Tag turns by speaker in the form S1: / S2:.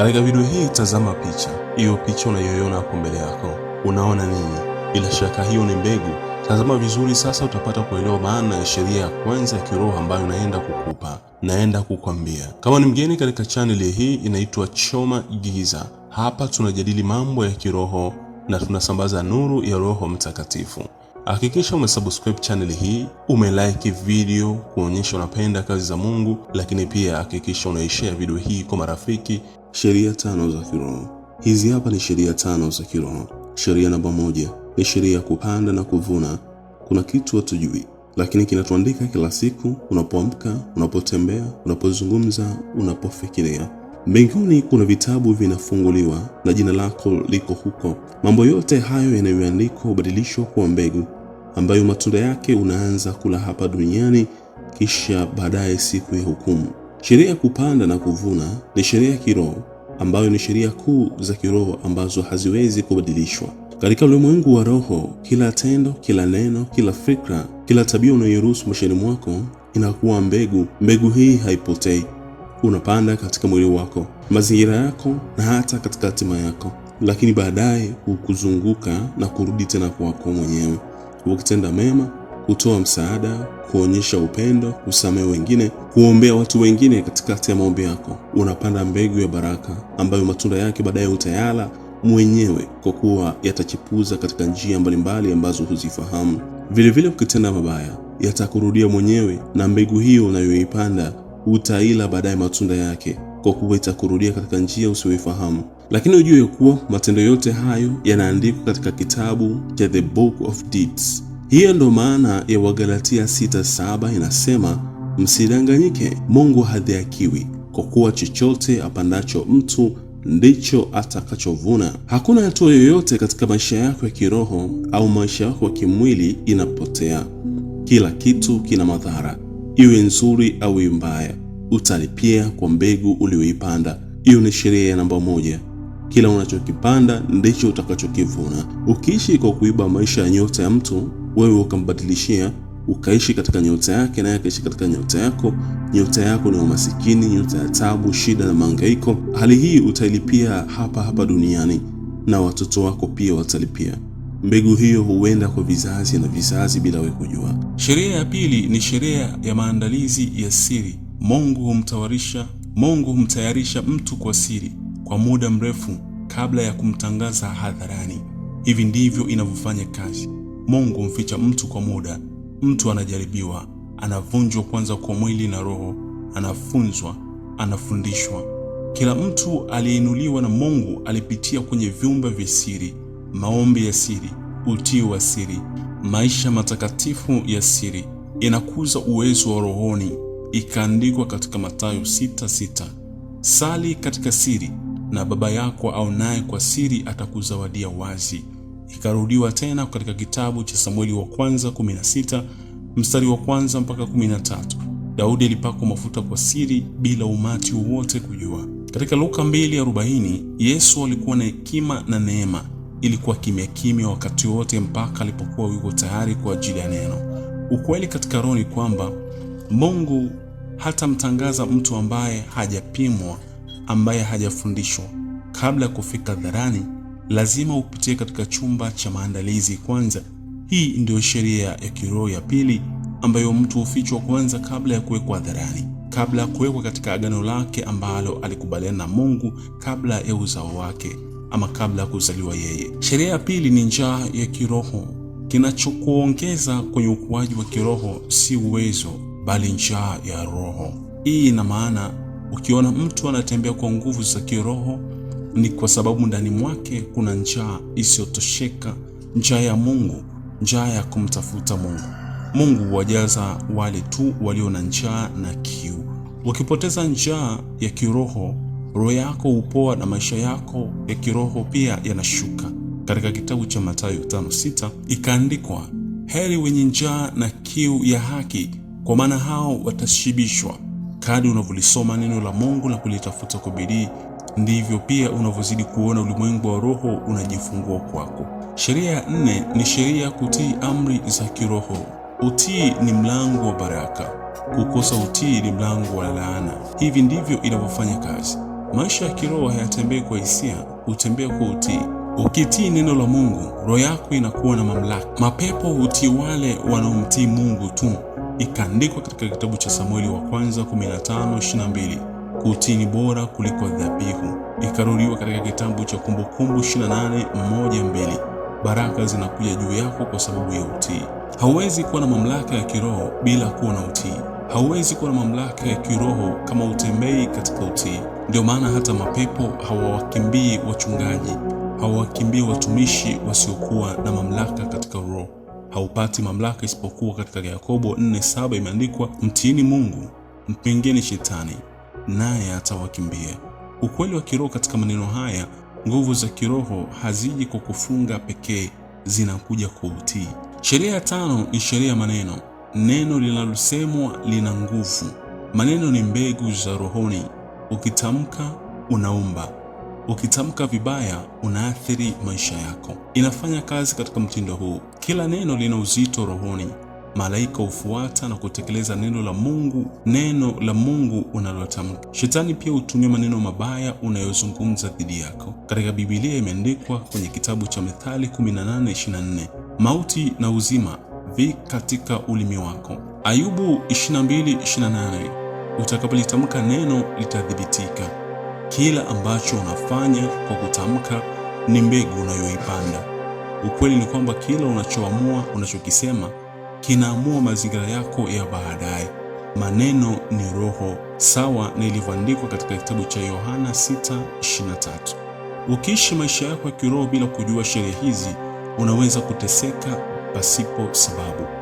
S1: Katika video hii tazama picha hiyo, picha unayoiona hapo mbele yako unaona nini? Bila shaka hiyo ni mbegu. Tazama vizuri sasa, utapata kuelewa maana ya sheria ya kwanza ya kiroho ambayo naenda kukupa, naenda kukwambia. Kama ni mgeni katika channel hii, inaitwa Choma Giza. Hapa tunajadili mambo ya kiroho na tunasambaza nuru ya Roho Mtakatifu. Hakikisha umesubscribe channel hii, umelike video kuonyesha unapenda kazi za Mungu, lakini pia hakikisha unaishare video hii kwa marafiki Sheria tano za kiroho. Hizi hapa ni sheria tano za kiroho. Sheria namba moja ni sheria ya kupanda na kuvuna. Kuna kitu hatujui, lakini kinatuandika kila siku, unapoamka, unapotembea, unapozungumza, unapofikiria. Mbinguni kuna vitabu vinafunguliwa na jina lako liko huko. Mambo yote hayo yanayoandikwa hubadilishwa kuwa mbegu ambayo matunda yake unaanza kula hapa duniani, kisha baadaye siku ya hukumu Sheria ya kupanda na kuvuna ni sheria ya kiroho ambayo ni sheria kuu za kiroho ambazo haziwezi kubadilishwa. Katika ulimwengu wa roho, kila tendo, kila neno, kila fikra, kila tabia unayoruhusu maishani mwako inakuwa mbegu. Mbegu hii haipotei, unapanda katika mwili wako, mazingira yako na hata katika hatima yako, lakini baadaye hukuzunguka na kurudi tena kwako mwenyewe. Ukitenda mema kutoa msaada, kuonyesha upendo, kusamehe wengine, kuombea watu wengine. Katikati ya maombi yako unapanda mbegu ya baraka ambayo matunda yake baadaye utayala mwenyewe kwa kuwa yatachipuza katika njia mbalimbali ambazo huzifahamu. Vilevile ukitenda mabaya yatakurudia mwenyewe, na mbegu hiyo unayoipanda utaila baadaye matunda yake kwa kuwa itakurudia katika njia usiyoifahamu. Lakini ujue kuwa matendo yote hayo yanaandikwa katika kitabu cha The Book of Deeds. Hiyo ndo maana ya Wagalatia 6:7 inasema, msidanganyike, Mungu hadhihakiwi, kwa kuwa chochote apandacho mtu ndicho atakachovuna. Hakuna hatua yoyote katika maisha yako ya kiroho au maisha yako ya kimwili inapotea. Kila kitu kina madhara, iwe nzuri au mbaya, utalipia kwa mbegu uliyoipanda. Hiyo ni sheria ya namba moja. Kila unachokipanda ndicho utakachokivuna. Ukiishi kwa kuiba maisha ya nyota ya mtu, wewe ukambadilishia, ukaishi katika nyota yake, naye akaishi katika nyota yako, nyota yako ni umasikini, nyota ya tabu, shida na mahangaiko. Hali hii utailipia hapa hapa duniani, na watoto wako pia watalipia. Mbegu hiyo huenda kwa vizazi na vizazi bila wewe kujua. Sheria ya pili ni sheria ya maandalizi ya siri. Mungu humtawarisha Mungu humtayarisha mtu kwa siri kwa muda mrefu kabla ya kumtangaza hadharani. Hivi ndivyo inavyofanya kazi. Mungu mficha mtu kwa muda. Mtu anajaribiwa, anavunjwa kwanza kwa mwili na roho, anafunzwa, anafundishwa. Kila mtu aliyeinuliwa na Mungu alipitia kwenye vyumba vya siri, maombi ya siri, utii wa siri, maisha matakatifu ya siri. Inakuza uwezo wa rohoni. Ikaandikwa katika Mathayo 6:6, sali katika siri na baba yako aonaye kwa siri atakuzawadia wazi. Ikarudiwa tena katika kitabu cha Samueli wa kwanza 16 mstari wa kwanza mpaka 13. Daudi alipakwa mafuta kwa siri bila umati wowote kujua. Katika Luka 2:40 Yesu alikuwa na hekima na neema, ilikuwa kimya kimya wakati wote mpaka alipokuwa yuko tayari kwa ajili ya neno. Ukweli katika roho ni kwamba Mungu hatamtangaza mtu ambaye hajapimwa ambaye hajafundishwa. Kabla ya kufika hadharani, lazima upitie katika chumba cha maandalizi kwanza. Hii ndiyo sheria ya kiroho ya pili ambayo mtu hufichwa kwanza kabla ya kuwekwa hadharani, kabla ya kuwekwa katika agano lake ambalo alikubaliana na Mungu kabla ya uzao wake ama kabla ya kuzaliwa yeye. Sheria ya pili ni njaa ya kiroho. Kinachokuongeza kwenye ukuaji wa kiroho si uwezo, bali njaa ya roho. Hii ina maana Ukiona mtu anatembea kwa nguvu za kiroho, ni kwa sababu ndani mwake kuna njaa isiyotosheka, njaa ya Mungu, njaa ya kumtafuta Mungu. Mungu huwajaza wale tu walio na njaa na kiu. Wakipoteza njaa ya kiroho, roho yako hupoa na maisha yako ya kiroho pia yanashuka. Katika kitabu cha Mathayo 5:6 ikaandikwa, heri wenye njaa na kiu ya haki, kwa maana hao watashibishwa. Kadi unavyolisoma neno la Mungu na kulitafuta kwa bidii, ndivyo pia unavyozidi kuona ulimwengu wa roho unajifungua kwako. Sheria ya nne ni sheria ya kutii amri za kiroho. Utii ni mlango wa baraka, kukosa utii ni mlango wa laana. Hivi ndivyo inavyofanya kazi. Maisha ya kiroho hayatembei kwa hisia, hutembea kwa utii. Ukitii neno la Mungu, roho yako inakuwa na mamlaka. Mapepo hutii wale wanaomtii Mungu tu ikaandikwa katika kitabu cha Samueli wa kwanza 15:22, kutii ni bora kuliko dhabihu. Ikarudiwa katika kitabu cha Kumbukumbu 28:1-2, baraka zinakuja juu yako kwa sababu ya utii. Hauwezi kuwa na mamlaka ya kiroho bila kuwa na utii. Hauwezi kuwa na mamlaka ya kiroho kama utembei katika utii. Ndio maana hata mapepo hawawakimbii wachungaji, hawawakimbii watumishi wasiokuwa na mamlaka katika roho haupati mamlaka isipokuwa katika Yakobo 4:7 imeandikwa, mtiini Mungu, mpingeni shetani naye atawakimbia. Ukweli wa kiroho katika maneno haya, nguvu za kiroho haziji kwa kufunga pekee, zinakuja kwa utii. Sheria ya tano ni sheria ya maneno. Neno linalosemwa lina nguvu. Maneno ni mbegu za rohoni, ukitamka unaumba Ukitamka vibaya, unaathiri maisha yako. Inafanya kazi katika mtindo huu: kila neno lina uzito rohoni. Malaika hufuata na kutekeleza neno la Mungu, neno la Mungu unalotamka. Shetani pia hutumia maneno mabaya unayozungumza dhidi yako. Katika Biblia imeandikwa kwenye kitabu cha Methali 18:24, mauti na uzima vi katika ulimi wako. Ayubu 22:28, utakapolitamka neno litadhibitika. Kila ambacho unafanya kwa kutamka ni mbegu unayoipanda. Ukweli ni kwamba kila unachoamua, unachokisema kinaamua mazingira yako ya baadaye. Maneno ni roho, sawa na ilivyoandikwa katika kitabu cha Yohana 6:23. Ukiishi maisha yako ya kiroho bila kujua sheria hizi, unaweza kuteseka pasipo sababu.